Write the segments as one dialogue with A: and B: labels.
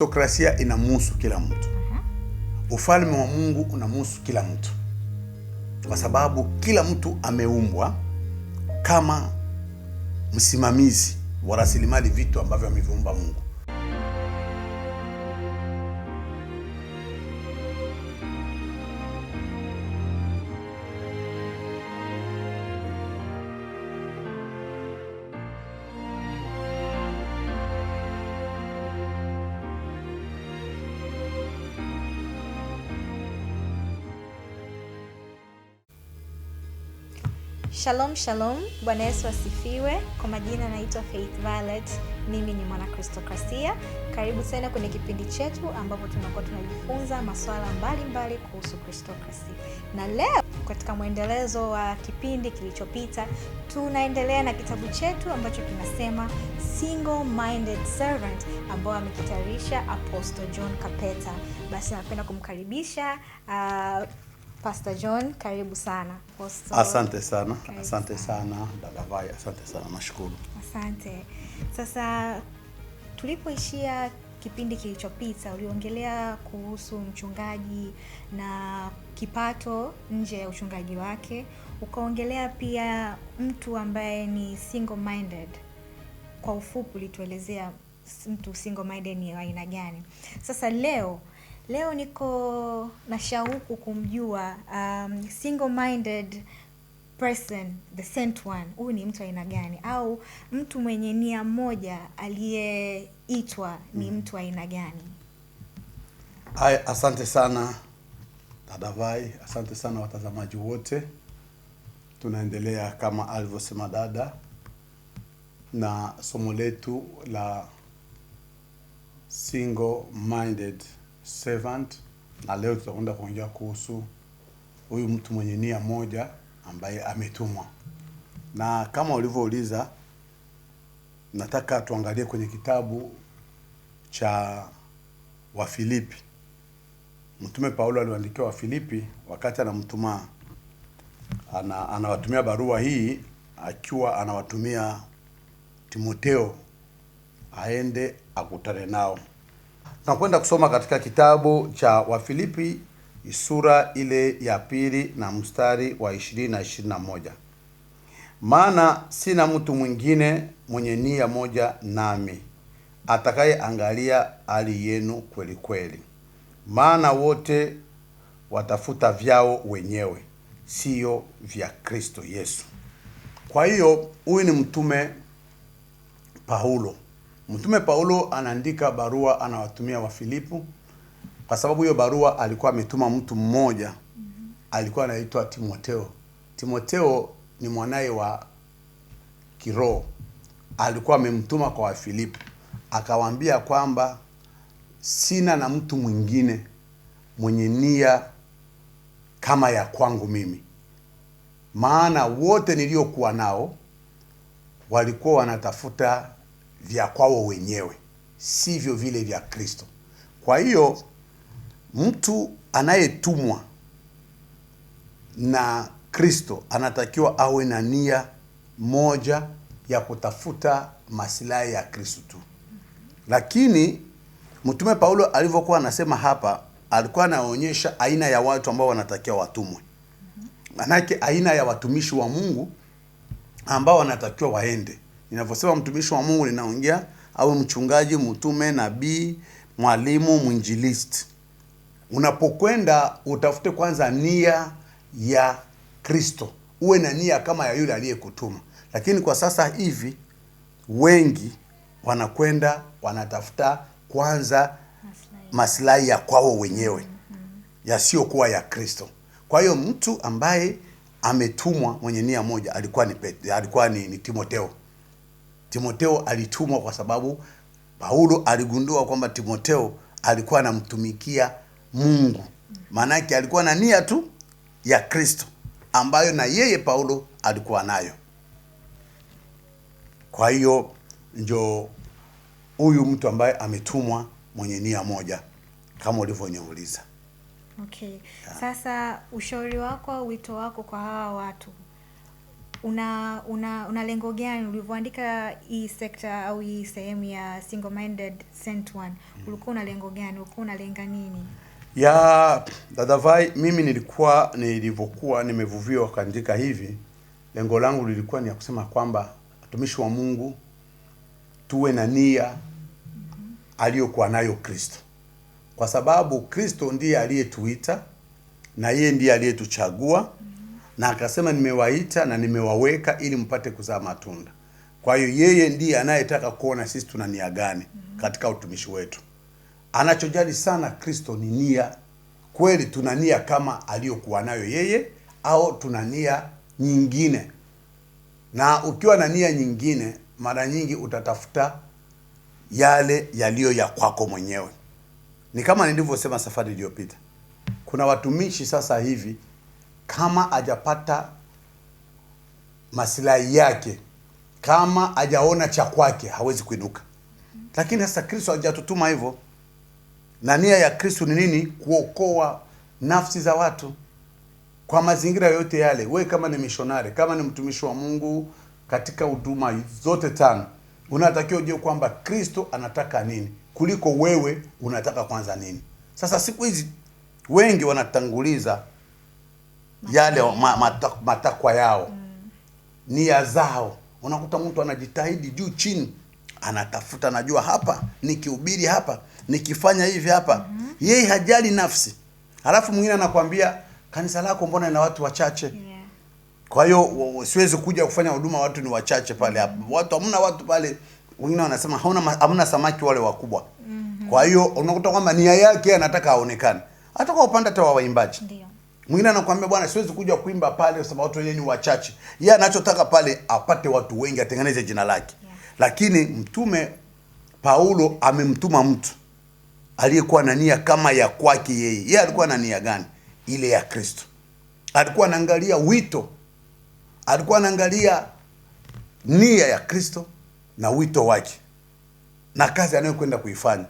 A: Demokrasia inamuhusu kila mtu. Uh-huh. Ufalme wa Mungu unamuhusu kila mtu, kwa mm. sababu kila mtu ameumbwa kama msimamizi wa rasilimali, vitu ambavyo ameviumba Mungu.
B: Shalom shalom, Bwana Yesu asifiwe. Kwa majina naitwa Faith Violet, mimi ni mwanakristokrasia. Karibu tena kwenye kipindi chetu ambapo tunakuwa tunajifunza masuala mbalimbali kuhusu kristokrasia, na leo katika mwendelezo wa kipindi kilichopita, tunaendelea na kitabu chetu ambacho kinasema Single Minded Servant, ambao amekitayarisha Apostle John Kapeta. Basi napenda kumkaribisha uh, Pastor John, karibu sana.
C: Pastor. Asante sana. Karibu asante sana, sana. Dadavai, asante sana. Nashukuru.
B: Asante. Sasa tulipoishia kipindi kilichopita uliongelea kuhusu mchungaji na kipato nje ya uchungaji wake, ukaongelea pia mtu ambaye ni single minded. Kwa ufupi ulituelezea mtu single minded ni aina gani. Sasa leo Leo niko na shauku kumjua um, single minded person the sent one. Huyu ni mtu aina gani, au mtu mwenye nia moja aliyeitwa ni mm. mtu aina gani?
C: ay asante sana Dadavai, asante sana watazamaji wote. Tunaendelea kama alivyosema dada na somo letu la single minded servant, na leo tutakwenda kuongea kuhusu huyu mtu mwenye nia moja ambaye ametumwa. Na kama ulivyouliza, nataka tuangalie kwenye kitabu cha Wafilipi. Mtume Paulo aliandikia Wafilipi wakati anamtuma ana, anawatumia barua hii akiwa anawatumia Timoteo aende akutane nao. Tunakwenda kusoma katika kitabu cha Wafilipi sura ile ya pili na mstari wa 20 na 21, maana sina mtu mwingine mwenye nia moja nami atakayeangalia hali yenu kweli kweli, maana wote watafuta vyao wenyewe, sio vya Kristo Yesu. Kwa hiyo huyu ni mtume Paulo Mtume Paulo anaandika barua anawatumia Wafilipu kwa sababu hiyo barua alikuwa ametuma mtu mmoja mhm. alikuwa anaitwa Timoteo. Timoteo ni mwanaye wa kiroho, alikuwa amemtuma kwa Wafilipu akawaambia kwamba sina na mtu mwingine mwenye nia kama ya kwangu mimi, maana wote niliokuwa nao walikuwa wanatafuta vya kwao wenyewe, sivyo vile vya Kristo. Kwa hiyo mtu anayetumwa na Kristo anatakiwa awe na nia moja ya kutafuta masilahi ya Kristo tu. Lakini mtume Paulo alivyokuwa anasema hapa, alikuwa anaonyesha aina ya watu ambao wanatakiwa watumwe, manake aina ya watumishi wa Mungu ambao wanatakiwa waende Ninavyosema mtumishi wa Mungu, ninaongea awe mchungaji, mtume, nabii, mwalimu, mwinjilist. Unapokwenda utafute kwanza nia ya Kristo, uwe na nia kama ya yule aliyekutuma. Lakini kwa sasa hivi wengi wanakwenda wanatafuta kwanza maslahi ya kwao wenyewe mm, mm. yasiyokuwa ya Kristo. Kwa hiyo mtu ambaye ametumwa mwenye nia moja alikuwa ni, alikuwa ni, ni Timoteo timoteo alitumwa kwa sababu Paulo aligundua kwamba timoteo alikuwa anamtumikia Mungu, maanake alikuwa na nia tu ya Kristo ambayo na yeye Paulo alikuwa nayo. Kwa hiyo ndio huyu mtu ambaye ametumwa mwenye nia moja kama ulivyoniuliza.
B: Okay. Sasa ushauri wako, wito wako kwa hawa watu una una una lengo gani ulivyoandika hii sekta au hii sehemu ya single minded cent one mm. ulikuwa una lengo gani ulikuwa unalenga nini
C: ya dadavai mimi nilikuwa nilivyokuwa nimevuviwa kaandika hivi lengo langu lilikuwa ni ya kusema kwamba watumishi wa mungu tuwe na nia mm -hmm. aliyokuwa nayo kristo kwa sababu kristo ndiye aliyetuita na yeye ndiye aliyetuchagua mm na akasema nimewaita na nimewaweka ili mpate kuzaa matunda. Kwa hiyo yeye ndiye anayetaka kuona sisi tuna nia gani katika utumishi wetu. Anachojali sana Kristo ni nia. Kweli tuna nia kama aliyokuwa nayo yeye au tuna nia nyingine? Na ukiwa na nia nyingine, mara nyingi utatafuta yale yaliyo ya kwako mwenyewe. Ni kama nilivyosema safari iliyopita, kuna watumishi sasa hivi kama ajapata masilahi yake, kama ajaona cha kwake, hawezi kuinuka. Lakini sasa Kristo hajatutuma hivyo, na nia ya Kristo ni nini? Kuokoa nafsi za watu kwa mazingira yote yale. We kama ni mishonari, kama ni mtumishi wa Mungu katika huduma zote tano, unatakiwa ujue kwamba Kristo anataka nini kuliko wewe unataka kwanza nini. Sasa siku hizi wengi wanatanguliza yale ma, ma, ma, yao mm. ni ya zao. Unakuta mtu anajitahidi juu chini, anatafuta najua, hapa nikihubiri, hapa nikifanya hivi, hapa mm -hmm. yeye hajali nafsi. Halafu mwingine anakwambia kanisa lako mbona ina watu wachache? yeah. kwa hiyo siwezi kuja kufanya huduma, watu ni wachache pale, hapa mm-hmm. watu hamna watu pale. Wengine wanasema hauna hamna samaki wale wakubwa mm -hmm. kwa hiyo unakuta kwamba nia yake anataka aonekane, hata kwa upande wa waimbaji Mwingine anakuambia bwana, siwezi kuja kuimba pale kwa sababu watu wenyewe ni wachache. Yeye anachotaka pale apate watu wengi, atengeneze jina lake yeah. Lakini mtume Paulo amemtuma mtu aliyekuwa na nia kama ya kwake yeye. Yeye alikuwa na nia gani? Ile ya Kristo. Alikuwa anaangalia wito, alikuwa anaangalia nia ya Kristo na wito wake na kazi anayokwenda kuifanya,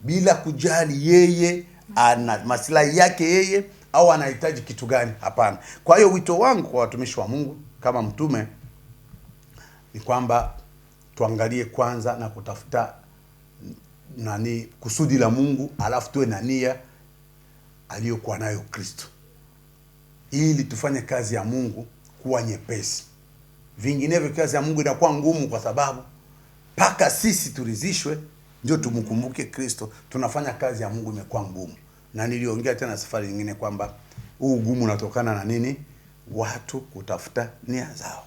C: bila kujali yeye ana maslahi yake yeye au anahitaji kitu gani? Hapana. Kwa hiyo wito wangu kwa watumishi wa Mungu kama mtume ni kwamba tuangalie kwanza na kutafuta nani kusudi la Mungu, alafu tuwe na nia aliyokuwa nayo Kristo, ili tufanye kazi ya Mungu kuwa nyepesi. Vinginevyo kazi ya Mungu inakuwa ngumu, kwa sababu mpaka sisi turizishwe ndio tumkumbuke Kristo. Tunafanya kazi ya Mungu imekuwa ngumu na niliongea tena safari nyingine kwamba huu ugumu unatokana na nini? Watu kutafuta nia zao.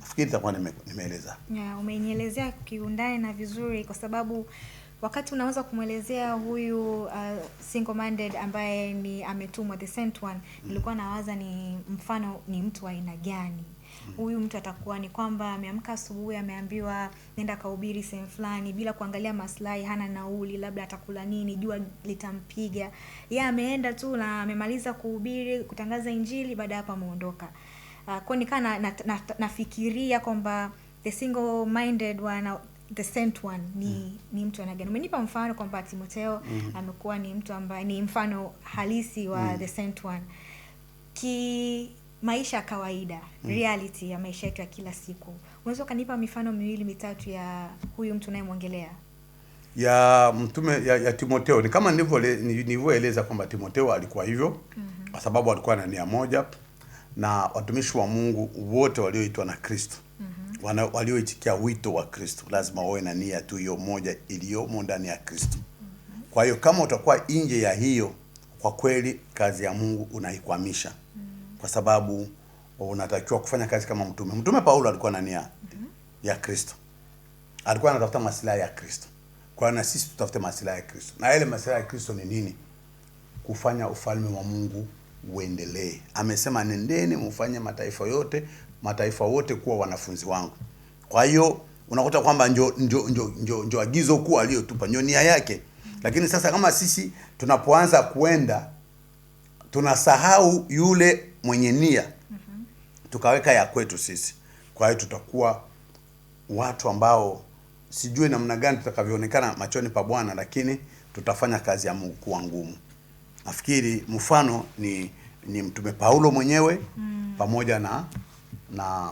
C: Nafikiri nitakuwa nimeeleza.
B: Yeah, umenielezea kiundani na vizuri kwa sababu wakati unaweza kumwelezea huyu uh, single minded ambaye ni ametumwa the sent one, nilikuwa nawaza ni mfano ni mtu wa aina gani? huyu mtu atakuwa ni kwamba ameamka asubuhi, ameambiwa nenda kahubiri sehemu fulani, bila kuangalia maslahi, hana nauli, labda atakula nini, jua litampiga yeye, ameenda tu na amemaliza kuhubiri, kutangaza Injili, baada ya hapo ameondoka. Uh, kwa nikaa na, na, na, nafikiria kwamba the single minded one the sent one ni mm. ni mtu anagani. Umenipa mfano kwamba Timotheo mm. amekuwa ni mtu ambaye ni mfano halisi wa mm. the sent one ki maisha ya kawaida mm. reality ya maisha yetu ya kila siku. Unaweza ukanipa mifano miwili mitatu ya huyu mtu unayemwongelea?
C: ya mtume ya, ya Timoteo ni kama nilivyoeleza kwamba Timoteo alikuwa hivyo mm -hmm. kwa sababu alikuwa na nia moja, na watumishi wa Mungu wote walioitwa na Kristo mm -hmm. walioitikia wito wa Kristo lazima wawe na nia tu hiyo moja iliyomo ndani ya Kristo mm -hmm. kwa hiyo kama utakuwa nje ya hiyo, kwa kweli kazi ya Mungu unaikwamisha kwa sababu unatakiwa kufanya kazi kama mtume. Mtume Paulo alikuwa na nia mm -hmm. ya Kristo, alikuwa anatafuta masilahi ya Kristo. Kwa hiyo na sisi tutafute masilahi ya Kristo, na ile masilahi ya Kristo ni nini? Kufanya ufalme wa Mungu uendelee. Amesema, nendeni mufanye mataifa yote mataifa wote kuwa wanafunzi wangu. Kwa hiyo unakuta kwamba njo, njo, njo, njo, njo agizo kuu aliyotupa, ndio nia yake. Lakini sasa kama sisi tunapoanza kuenda tunasahau yule mwenye nia mm -hmm. tukaweka ya kwetu sisi. Kwa hiyo tutakuwa watu ambao sijui namna gani tutakavyoonekana machoni pa Bwana, lakini tutafanya kazi ya Mungu kuwa ngumu. Nafikiri mfano ni ni Mtume Paulo mwenyewe mm. pamoja na na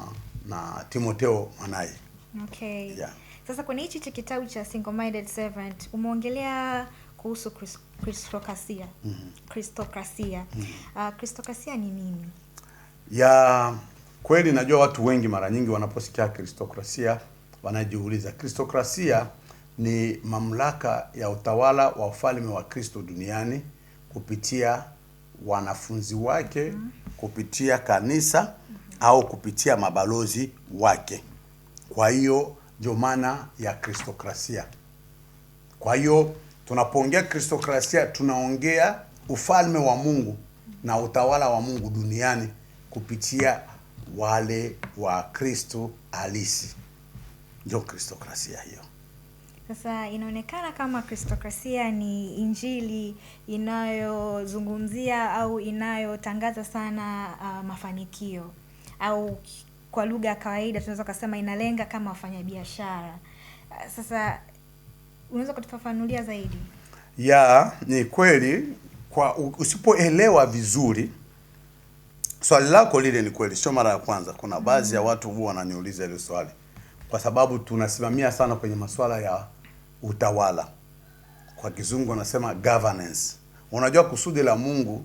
C: na Timoteo mwanaye.
B: Okay. Yeah. Sasa kwenye hichi cha kitabu cha Single Minded Servant umeongelea kuhusu kristokrasia kristokrasia. mm -hmm. Uh, kristokrasia mm-hmm. ah, ni nini?
C: Ya kweli, najua watu wengi mara nyingi wanaposikia kristokrasia wanajiuliza kristokrasia ni mamlaka ya utawala wa ufalme wa Kristo duniani kupitia wanafunzi wake mm -hmm. kupitia kanisa mm -hmm. au kupitia mabalozi wake. Kwa hiyo ndio maana ya kristokrasia. Kwa hiyo Tunapoongea Kristokrasia tunaongea ufalme wa Mungu na utawala wa Mungu duniani kupitia wale wa Kristo halisi, ndio Kristokrasia hiyo.
B: Sasa inaonekana kama Kristokrasia ni injili inayozungumzia au inayotangaza sana uh, mafanikio au kwa lugha ya kawaida tunaweza kusema inalenga kama wafanyabiashara. Uh, sasa unaweza kutufafanulia zaidi?
C: Ya, ni kweli kwa usipoelewa vizuri swali lako lile, ni kweli, sio mara ya kwanza. Kuna mm-hmm. baadhi ya watu huwa wananiuliza hilo swali kwa sababu tunasimamia sana kwenye masuala ya utawala, kwa kizungu wanasema governance. Unajua kusudi la Mungu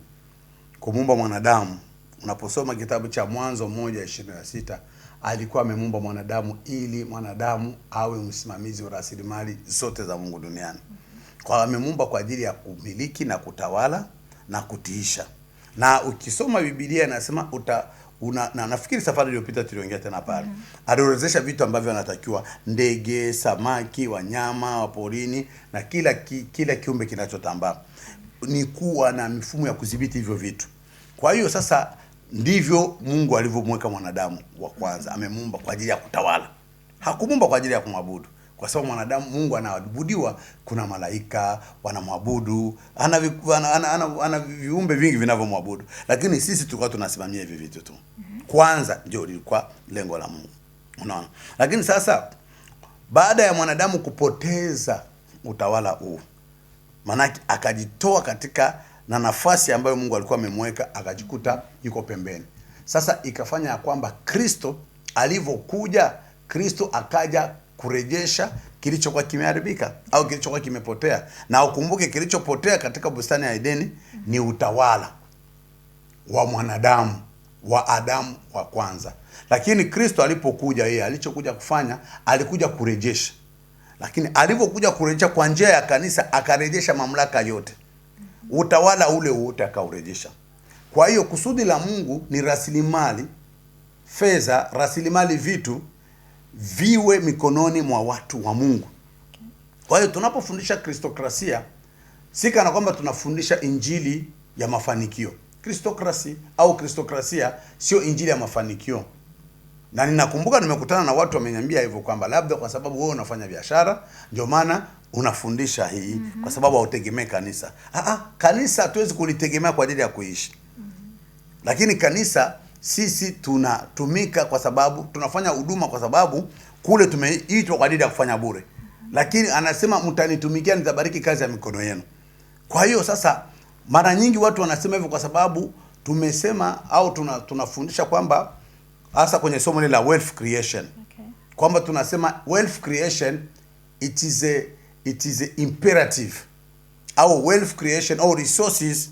C: kumuumba mwanadamu, unaposoma kitabu cha Mwanzo moja ishirini na sita alikuwa amemumba mwanadamu ili mwanadamu awe msimamizi wa rasilimali zote za Mungu duniani. Kwa amemumba kwa ajili ya kumiliki na kutawala na kutiisha. Na ukisoma Biblia inasema uta una, na nafikiri safari iliyopita tuliongea tena pale. Mm -hmm. Aliorodhesha vitu ambavyo anatakiwa: ndege, samaki, wanyama wa porini na kila ki, kila kiumbe kinachotambaa. Ni kuwa na mifumo ya kudhibiti hivyo vitu. Kwa hiyo sasa Ndivyo Mungu alivyomweka mwanadamu wa kwanza, amemuumba kwa ajili ya kutawala, hakumuumba kwa ajili ya kumwabudu, kwa sababu mwanadamu, Mungu anaabudiwa. Kuna malaika wanamwabudu, ana, ana, ana, ana, ana viumbe vingi vinavyomwabudu, lakini sisi tulikuwa tunasimamia hivi vitu tu. Mhm. Kwanza ndio lilikuwa lengo la Mungu, unaona. Lakini sasa baada ya mwanadamu kupoteza utawala huu, maanake akajitoa katika na nafasi ambayo Mungu alikuwa amemweka akajikuta yuko pembeni. Sasa ikafanya ya kwamba Kristo alivyokuja, Kristo akaja kurejesha kilichokuwa kimeharibika au kilichokuwa kimepotea. Na ukumbuke kilichopotea katika bustani ya Edeni ni utawala wa mwanadamu wa Adamu wa kwanza, lakini Kristo alipokuja, yeye alichokuja kufanya alikuja kurejesha, lakini alivyokuja kurejesha kwa njia ya kanisa akarejesha mamlaka yote utawala ule wote akaurejesha. Kwa hiyo kusudi la Mungu ni rasilimali fedha, rasilimali vitu viwe mikononi mwa watu wa Mungu. Kwa hiyo tunapofundisha kristokrasia, si kana kwamba tunafundisha injili ya mafanikio. Kristokrasi au kristokrasia sio injili ya mafanikio na ninakumbuka nimekutana na watu wameniambia hivyo kwamba labda kwa sababu wewe unafanya biashara ndio maana unafundisha hii mm -hmm. kwa sababu hautegemee kanisa. Aa, ah, ah, kanisa hatuwezi kulitegemea kwa ajili ya kuishi mm -hmm. lakini kanisa sisi tunatumika kwa sababu tunafanya huduma kwa sababu kule tumeitwa kwa ajili ya kufanya bure mm -hmm. lakini anasema mtanitumikia, nitabariki kazi ya mikono yenu. Kwa hiyo sasa, mara nyingi watu wanasema hivyo kwa sababu tumesema au tunafundisha tuna, kwamba hasa kwenye somo la wealth creation okay. kwamba tunasema wealth creation it is a it is a imperative au wealth creation au resources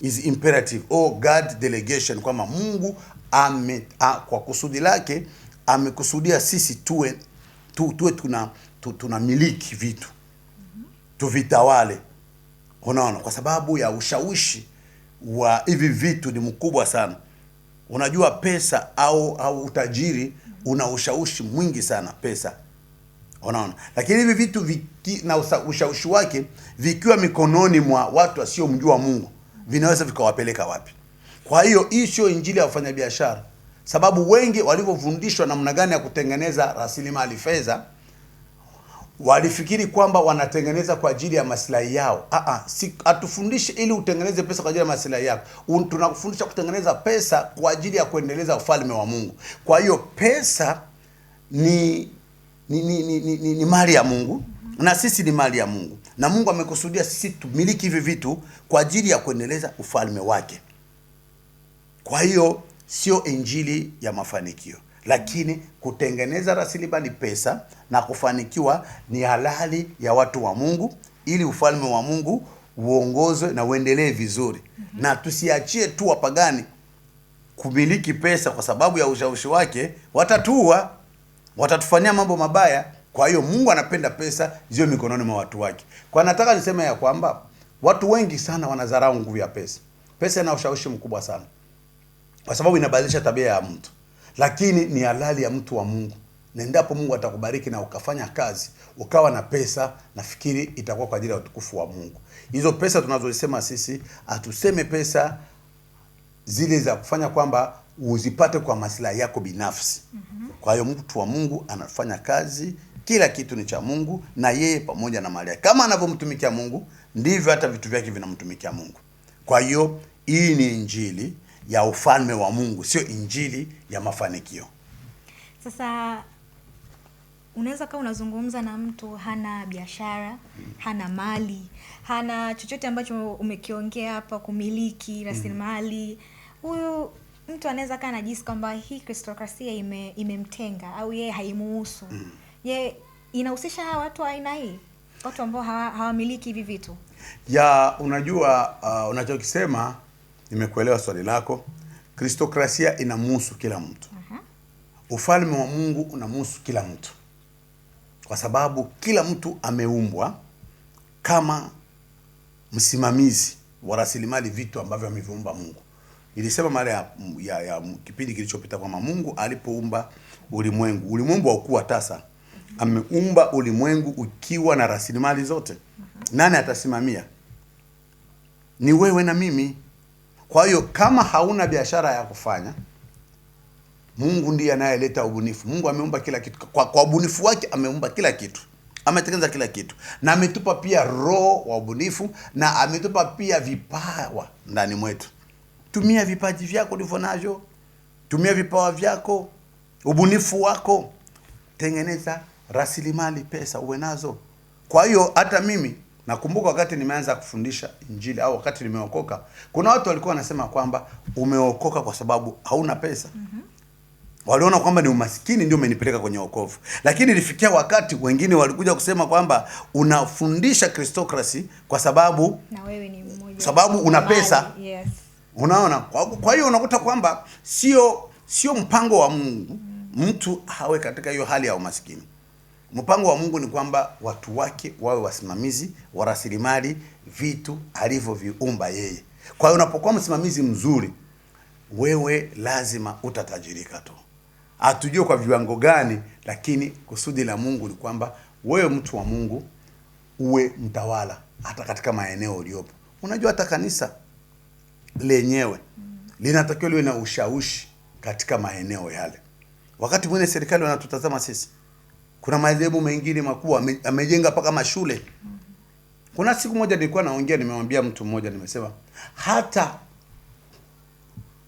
C: is imperative au oh, God delegation, kwamba Mungu ame, a, kwa kusudi lake amekusudia sisi tuwe tu, tuwe tuna tu, tunamiliki vitu mm -hmm. tuvitawale. Unaona, kwa sababu ya ushawishi wa hivi vitu ni mkubwa sana. Unajua pesa au au utajiri una ushawishi mwingi sana pesa, unaona. Lakini hivi vitu viki, na ushawishi wake vikiwa mikononi mwa watu wasiomjua Mungu vinaweza vikawapeleka wapi? Kwa hiyo hii sio injili ya wafanyabiashara, sababu wengi walivyofundishwa namna gani ya kutengeneza rasilimali fedha Walifikiri kwamba wanatengeneza kwa ajili ya maslahi yao. Aa, si atufundishe ili utengeneze pesa kwa ajili ya maslahi yako. Tunakufundisha kutengeneza pesa kwa ajili ya kuendeleza ufalme wa Mungu. Kwa hiyo pesa ni ni, ni, ni, ni, ni, ni mali ya Mungu na sisi ni mali ya Mungu, na Mungu amekusudia sisi tumiliki hivi vitu kwa ajili ya kuendeleza ufalme wake. Kwa hiyo sio injili ya mafanikio lakini kutengeneza rasilimali pesa na kufanikiwa ni halali ya watu wa Mungu, ili ufalme wa Mungu uongozwe na uendelee vizuri mm -hmm. na tusiachie tu wapagani kumiliki pesa kwa sababu ya ushawishi wake, watatua, watatufanyia mambo mabaya. Kwa hiyo Mungu anapenda pesa ziwe mikononi mwa watu wake. Kwa nataka niseme ya kwamba watu wengi sana wanadharau nguvu ya pesa. Pesa ina ushawishi mkubwa sana, kwa sababu inabadilisha tabia ya mtu lakini ni halali ya mtu wa Mungu, na endapo Mungu atakubariki na ukafanya kazi ukawa na pesa, nafikiri itakuwa kwa ajili ya utukufu wa Mungu. Hizo pesa tunazozisema sisi, hatuseme pesa zile za kufanya kwamba uzipate kwa maslahi yako binafsi. mm -hmm. Kwa hiyo mtu wa Mungu anafanya kazi, kila kitu ni cha Mungu na yeye pamoja na mali yake. Kama anavyomtumikia Mungu, ndivyo hata vitu vyake vinamtumikia Mungu. Kwa hiyo hii ni Injili ya ufalme wa Mungu, sio injili ya mafanikio.
B: Sasa unaweza kaa unazungumza na mtu hana biashara hana mali, hana chochote ambacho umekiongea hapa, kumiliki rasilimali huyu mm. mtu anaweza kaa anajisi kwamba hii kristokrasia imemtenga ime au yeye haimuhusu mm. Je, inahusisha hawa watu aina hii, watu ambao hawamiliki hawa hivi vitu
C: ya unajua, uh, unachokisema Nimekuelewa swali lako. Kristokrasia inamuhusu kila mtu. uh -huh. Ufalme wa Mungu unamuhusu kila mtu, kwa sababu kila mtu ameumbwa kama msimamizi wa rasilimali, vitu ambavyo ameviumba Mungu. Nilisema mara ya, ya, ya kipindi kilichopita kwamba Mungu alipoumba ulimwengu, ulimwengu haukuwa tasa. Uh-huh. Ameumba ulimwengu ukiwa na rasilimali zote. Uh-huh. Nani atasimamia? Ni wewe na mimi. Kwa hiyo kama hauna biashara ya kufanya, Mungu ndiye anayeleta ubunifu. Mungu ameumba kila kitu kwa, kwa ubunifu wake ameumba kila kitu, ametengeneza kila kitu, na ametupa pia roho wa ubunifu, na ametupa pia vipawa ndani mwetu. Tumia vipaji vyako ulivyo navyo, tumia vipawa vyako, ubunifu wako, tengeneza rasilimali pesa uwe nazo. Kwa hiyo hata mimi Nakumbuka wakati nimeanza kufundisha Injili au wakati nimeokoka, kuna watu walikuwa wanasema kwamba umeokoka kwa sababu hauna pesa. mm -hmm. Waliona kwamba ni umaskini ndio umenipeleka kwenye wokovu, lakini ilifikia wakati wengine walikuja kusema kwamba unafundisha Kristokrasi kwa sababu
B: na wewe ni mmoja,
C: sababu una pesa. Yes. Unaona, kwa, kwa hiyo unakuta kwamba sio sio mpango wa Mungu mm mtu hawe katika hiyo hali ya umaskini. Mpango wa Mungu ni kwamba watu wake wawe wasimamizi wa rasilimali vitu alivyoviumba yeye. Kwa hiyo unapokuwa msimamizi mzuri, wewe lazima utatajirika tu. Hatujue kwa viwango gani, lakini kusudi la Mungu ni kwamba wewe mtu wa Mungu uwe mtawala hata katika maeneo uliopo. Unajua, hata kanisa lenyewe linatakiwa liwe na ushawishi katika maeneo yale. Wakati mwingine serikali wanatutazama sisi kuna madhehebu mengine makubwa amejenga mpaka mashule. Kuna siku moja nilikuwa naongea, nimemwambia mtu mmoja, nimesema hata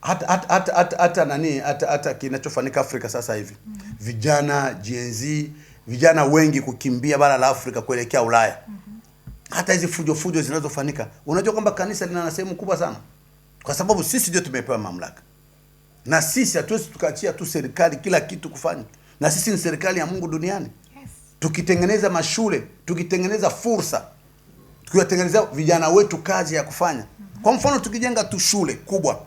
C: hata hata hata hata, hata nani hata, hata kinachofanyika Afrika sasa hivi mm -hmm. vijana Gen Z vijana wengi kukimbia bara la Afrika kuelekea Ulaya mm -hmm. hata hizi fujo fujo zinazofanyika, unajua kwamba kanisa lina sehemu kubwa sana, kwa sababu sisi ndio tumepewa mamlaka, na sisi hatuwezi tukaachia tu serikali kila kitu kufanya na sisi ni serikali ya Mungu duniani yes. Tukitengeneza mashule, tukitengeneza fursa, tukiwatengenezea vijana wetu kazi ya kufanya mm -hmm. Kwa mfano tukijenga tu shule kubwa,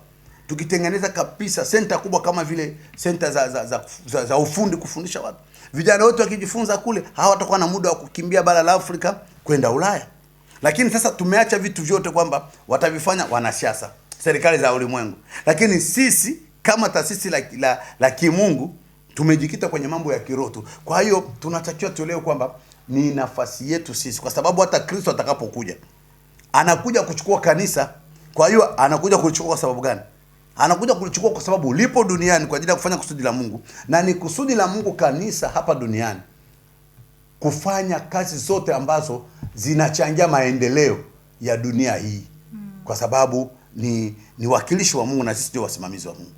C: tukitengeneza kabisa senta kubwa kama vile senta za, za, za, za, za ufundi kufundisha watu, vijana wetu wakijifunza kule hawatakuwa na muda wa kukimbia bara la Afrika kwenda Ulaya. Lakini sasa tumeacha vitu vyote kwamba watavifanya wanasiasa, serikali za ulimwengu, lakini sisi kama taasisi la, la, la kimungu tumejikita kwenye mambo ya kiroho tu. Kwa hiyo tunatakiwa tuelewe kwamba ni nafasi yetu sisi, kwa sababu hata Kristo atakapokuja anakuja kuchukua kanisa. Kwa hiyo anakuja kulichukua kwa sababu gani? Anakuja kulichukua kwa sababu lipo duniani kwa ajili ya kufanya kusudi la Mungu, na ni kusudi la Mungu kanisa hapa duniani kufanya kazi zote ambazo zinachangia maendeleo ya dunia hii, hmm. kwa sababu ni ni wakilishi wa Mungu na sisi ndio wasimamizi wa Mungu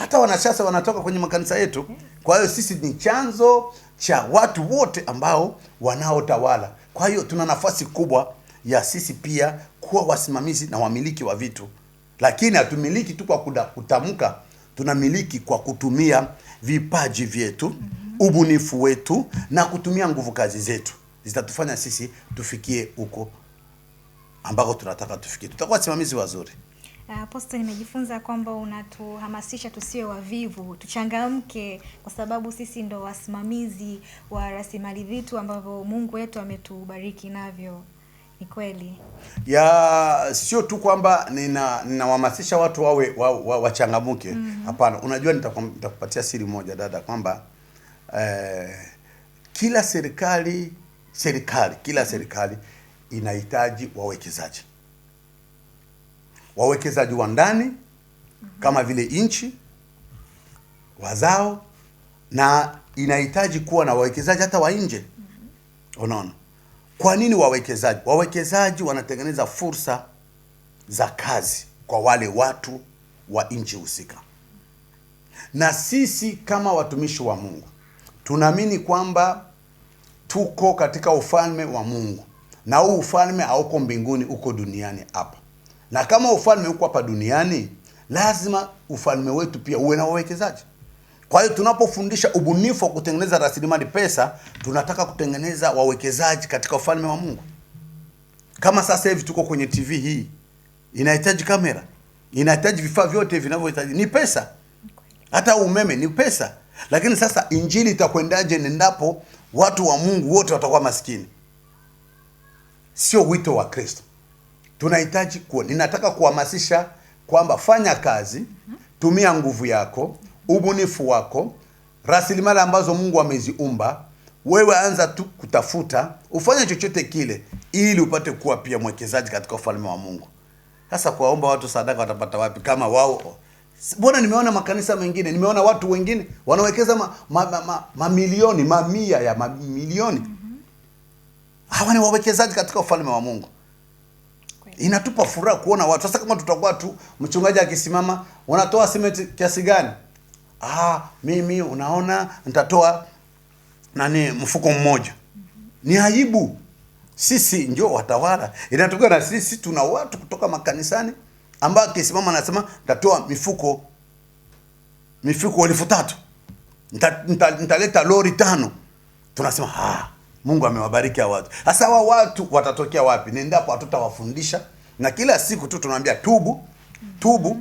C: hata wanasiasa wanatoka kwenye makanisa yetu. Kwa hiyo sisi ni chanzo cha watu wote ambao wanaotawala. Kwa hiyo tuna nafasi kubwa ya sisi pia kuwa wasimamizi na wamiliki wa vitu, lakini hatumiliki tu kwa kutamka, tunamiliki kwa kutumia vipaji vyetu, ubunifu wetu na kutumia nguvu kazi zetu zitatufanya sisi tufikie huko ambako tunataka tufikie. Tutakuwa wasimamizi wazuri.
B: Eh, Aposto, nimejifunza kwamba unatuhamasisha tusiwe wavivu, tuchangamke, kwa sababu sisi ndo wasimamizi wa rasilimali vitu ambavyo Mungu wetu ametubariki navyo. Ni kweli
C: ya sio tu kwamba ninawahamasisha nina watu wawe wachangamuke wa, wa mhm. hapana. mm -hmm. Unajua, nitakupatia siri moja dada, kwamba eh, kila serikali serikali kila serikali inahitaji wawekezaji wawekezaji wa ndani kama vile nchi wazao, na inahitaji kuwa na wawekezaji hata wa nje Unaona, kwa nini wawekezaji? Wawekezaji wanatengeneza fursa za kazi kwa wale watu wa nchi husika, na sisi kama watumishi wa Mungu tunaamini kwamba tuko katika ufalme wa Mungu na huu ufalme hauko mbinguni, uko duniani hapa na kama ufalme uko hapa duniani, lazima ufalme wetu pia uwe na wawekezaji. Kwa hiyo tunapofundisha ubunifu wa kutengeneza rasilimali pesa, tunataka kutengeneza wawekezaji katika ufalme wa Mungu. Kama sasa hivi tuko kwenye TV hii, inahitaji kamera, inahitaji vifaa vyote vinavyohitaji, ni pesa. Hata umeme ni pesa. Lakini sasa injili itakwendaje nendapo watu wa Mungu wote watakuwa maskini? Sio wito wa Kristo tunahitaji kuwa, ninataka kuhamasisha kwamba fanya kazi, tumia nguvu yako, ubunifu wako, rasilimali ambazo Mungu ameziumba wewe, anza tu kutafuta, ufanye chochote kile ili upate kuwa pia mwekezaji katika ufalme wa Mungu. Sasa kuwaomba watu sadaka watapata wapi kama wao? Mbona nimeona makanisa mengine, nimeona watu wengine wanawekeza ma, ma, ma, ma, mamia ya mamilioni. Mhm. Hawa ni wawekezaji katika ufalme wa Mungu inatupa furaha kuona watu. Sasa kama tutakuwa tu mchungaji akisimama, wanatoa simenti kiasi gani? Ah, mimi unaona nitatoa nani mfuko mmoja. Ni aibu. Sisi ndio watawala. Inatokana na sisi tuna watu kutoka makanisani ambao akisimama anasema nitatoa mifuko mifuko elfu tatu. Nitaleta lori tano. Tunasema ah Mungu amewabariki hao watu. Sasa hao watu watatokea wapi? Nendapo hatutawafundisha na kila siku tu tunawambia tubu, tubu,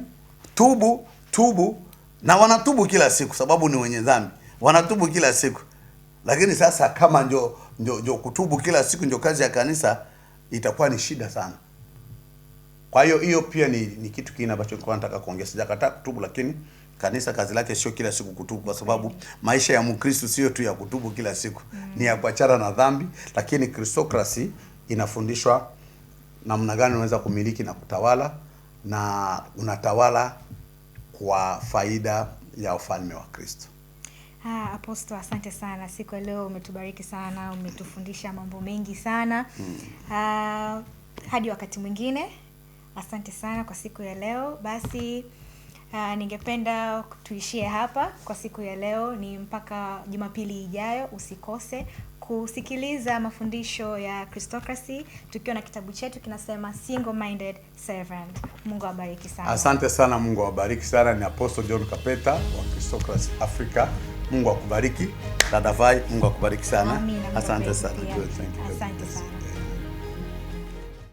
C: tubu, tubu na wanatubu kila siku sababu ni wenye dhambi. Wanatubu kila siku. Lakini sasa kama ndio ndio ndio kutubu kila siku ndio kazi ya kanisa itakuwa ni shida sana. Kwa hiyo hiyo pia ni, ni kitu kingine ambacho nataka kuongea. Sijakataa kutubu lakini Kanisa kazi lake sio kila siku kutubu, kwa sababu maisha ya Mkristo sio tu ya kutubu kila siku mm. ni ya kuachana na dhambi, lakini kristokrasi inafundishwa namna gani unaweza kumiliki na kutawala, na unatawala kwa faida ya ufalme wa Kristo.
B: Ah, Aposto, asante sana. Siku ya leo umetubariki sana, umetufundisha mambo mengi sana mm. Ah, hadi wakati mwingine, asante sana kwa siku ya leo basi Uh, ningependa tuishie hapa kwa siku ya leo. Ni mpaka Jumapili ijayo, usikose kusikiliza mafundisho ya cristocracy tukiwa na kitabu chetu kinasema Single Minded Servant. Mungu awabariki sana.
C: Asante sana, Mungu awabariki sana. Ni Apostle John Kapeta wa cristocracy Africa. Mungu akubariki. dadavai Mungu akubariki sana. Amina, asante sana. Asante sana.